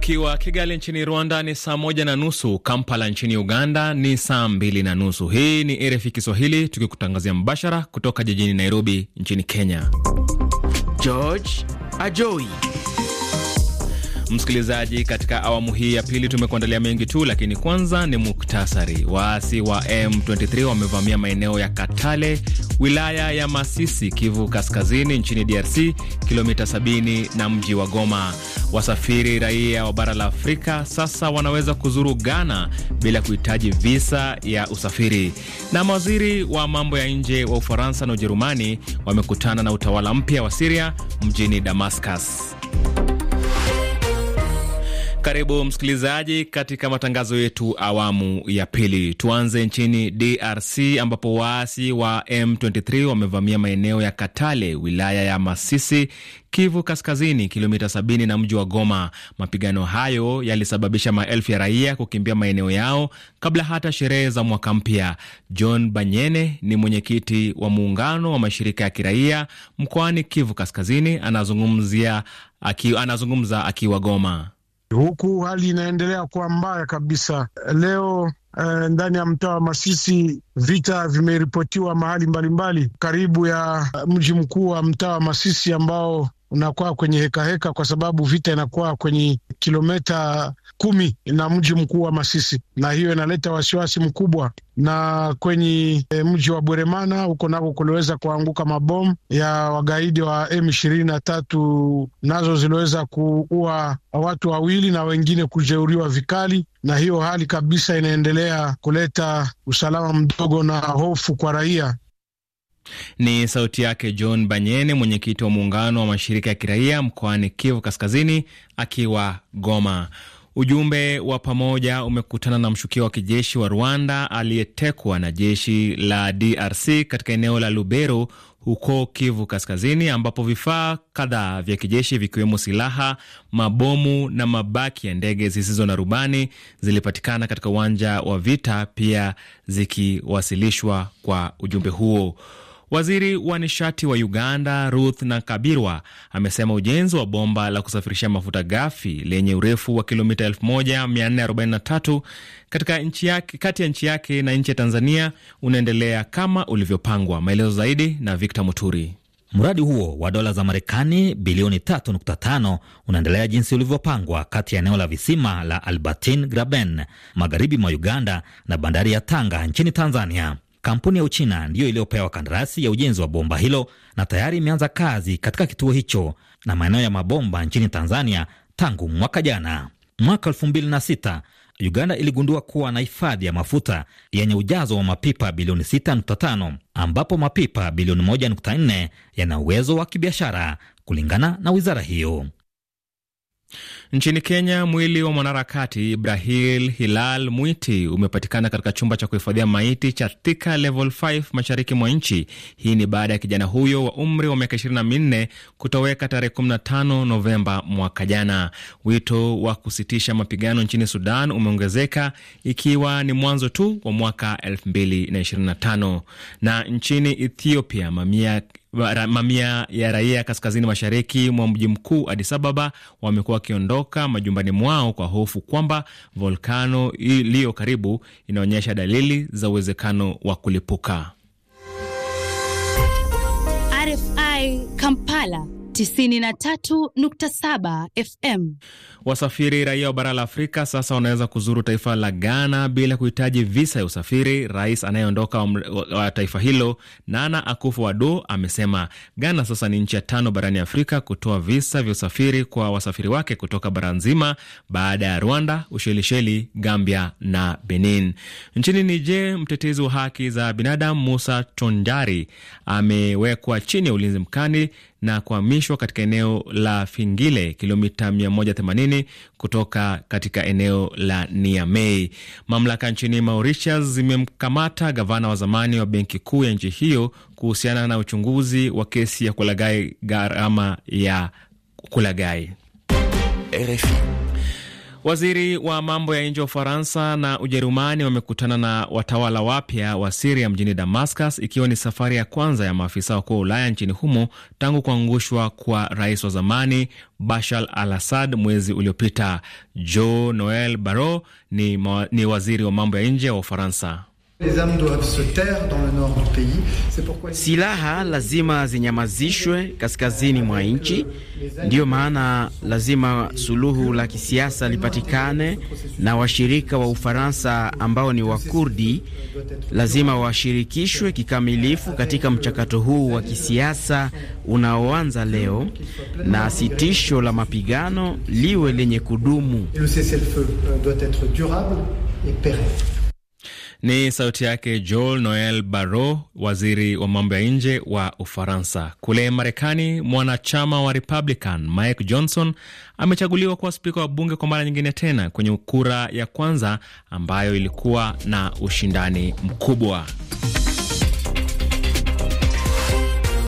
Ukiwa Kigali nchini Rwanda ni saa moja na nusu, Kampala nchini Uganda ni saa mbili na nusu. Hii ni RFI Kiswahili tukikutangazia mbashara kutoka jijini Nairobi nchini Kenya. George Ajoi Msikilizaji, katika awamu hii ya pili tumekuandalia mengi tu, lakini kwanza ni muktasari. Waasi wa M23 wamevamia maeneo ya Katale, wilaya ya Masisi, Kivu Kaskazini, nchini DRC, kilomita 70 na mji wa Goma. Wasafiri raia wa bara la Afrika sasa wanaweza kuzuru Ghana bila kuhitaji visa ya usafiri. Na mawaziri wa mambo ya nje wa Ufaransa na Ujerumani wamekutana na utawala mpya wa Siria mjini Damascus. Karibu msikilizaji katika matangazo yetu awamu ya pili. Tuanze nchini DRC ambapo waasi wa M23 wamevamia maeneo ya Katale, wilaya ya Masisi, Kivu Kaskazini, kilomita 70 na mji wa Goma. Mapigano hayo yalisababisha maelfu ya raia kukimbia maeneo yao kabla hata sherehe za mwaka mpya. John Banyene ni mwenyekiti wa muungano wa mashirika ya kiraia mkoani Kivu Kaskazini, anazungumzia aki, anazungumza akiwa Goma huku hali inaendelea kuwa mbaya kabisa. Leo Uh, ndani ya mtaa wa Masisi vita vimeripotiwa mahali mbalimbali mbali, karibu ya eh, mji mkuu wa mtaa wa Masisi ambao unakuwa kwenye hekaheka heka, kwa sababu vita inakuwa kwenye kilometa kumi na mji mkuu wa Masisi, na hiyo inaleta wasiwasi mkubwa. Na kwenye e, mji wa Bweremana huko nako kuliweza kuanguka mabomu ya wagaidi wa m ishirini na tatu nazo ziliweza kuua watu wawili na wengine kujeuriwa vikali, na hiyo hali kabisa inaendelea kuleta usalama mdogo na hofu kwa raia. Ni sauti yake John Banyene, mwenyekiti wa muungano wa mashirika ya kiraia mkoani Kivu Kaskazini, akiwa Goma. Ujumbe wa pamoja umekutana na mshukiwa wa kijeshi wa Rwanda aliyetekwa na jeshi la DRC katika eneo la Lubero huko Kivu Kaskazini, ambapo vifaa kadhaa vya kijeshi vikiwemo silaha, mabomu na mabaki ya ndege zisizo na rubani zilipatikana katika uwanja wa vita, pia zikiwasilishwa kwa ujumbe huo. Waziri wa nishati wa Uganda Ruth Nakabirwa amesema ujenzi wa bomba la kusafirisha mafuta ghafi lenye urefu wa kilomita 1443 katika nchi yake, kati ya nchi yake na nchi ya Tanzania unaendelea kama ulivyopangwa. Maelezo zaidi na Victor Muturi. Mradi huo wa dola za Marekani bilioni 3.5 unaendelea jinsi ulivyopangwa kati ya eneo la visima la Albertine Graben magharibi mwa Uganda na bandari ya Tanga nchini Tanzania. Kampuni ya Uchina ndiyo iliyopewa kandarasi ya ujenzi wa bomba hilo na tayari imeanza kazi katika kituo hicho na maeneo ya mabomba nchini Tanzania tangu mwaka jana. Mwaka sita Uganda iligundua kuwa na hifadhi ya mafuta yenye ujazo wa mapipa bilioni 6.5 ambapo mapipa bilioni 1.4 yana uwezo wa kibiashara kulingana na wizara hiyo. Nchini Kenya, mwili wa mwanaharakati Ibrahim Hilal Mwiti umepatikana katika chumba cha kuhifadhia maiti cha Thika Level 5 mashariki mwa nchi. Hii ni baada ya kijana huyo wa umri wa miaka 24 kutoweka tarehe 15 Novemba mwaka jana. Wito wa kusitisha mapigano nchini Sudan umeongezeka ikiwa ni mwanzo tu wa mwaka 2025. Na nchini Ethiopia, mamia mamia ya raia kaskazini mashariki mwa mji mkuu Addis Ababa wamekuwa wakiondoka majumbani mwao kwa hofu kwamba volkano iliyo karibu inaonyesha dalili za uwezekano wa kulipuka. RFI Kampala 93.7 FM. Wasafiri raia wa bara la Afrika sasa wanaweza kuzuru taifa la Ghana bila kuhitaji visa ya usafiri. Rais anayeondoka wa taifa hilo Nana Akufo-Addo amesema Ghana sasa ni nchi ya tano barani Afrika kutoa visa vya usafiri kwa wasafiri wake kutoka bara nzima baada ya Rwanda, Ushelisheli, Gambia na Benin. Nchini Niger, mtetezi wa haki za binadamu Musa Tonjari amewekwa chini ya ulinzi mkali na kuhamishwa katika eneo la Fingile, kilomita 180 kutoka katika eneo la Niamey. Mamlaka nchini Mauritius zimemkamata gavana wa zamani wa benki kuu ya nchi hiyo kuhusiana na uchunguzi wa kesi ya kulagai gharama ya kulagai RFI Waziri wa mambo ya nje wa Ufaransa na Ujerumani wamekutana na watawala wapya wa Siria mjini Damascus, ikiwa ni safari ya kwanza ya maafisa wakuu wa Ulaya nchini humo tangu kuangushwa kwa rais wa zamani Bashar al Assad mwezi uliopita. Jo Noel Barrot ni, ni waziri wa mambo ya nje wa Ufaransa. Silaha lazima zinyamazishwe kaskazini mwa nchi. Ndiyo maana lazima suluhu la kisiasa lipatikane, na washirika wa Ufaransa ambao ni Wakurdi lazima washirikishwe kikamilifu katika mchakato huu wa kisiasa unaoanza leo, na sitisho la mapigano liwe lenye kudumu. Ni sauti yake Joel Noel Barrot, waziri wa mambo ya nje wa Ufaransa. Kule Marekani, mwanachama wa Republican Mike Johnson amechaguliwa kuwa spika wa bunge kwa mara nyingine tena kwenye kura ya kwanza ambayo ilikuwa na ushindani mkubwa.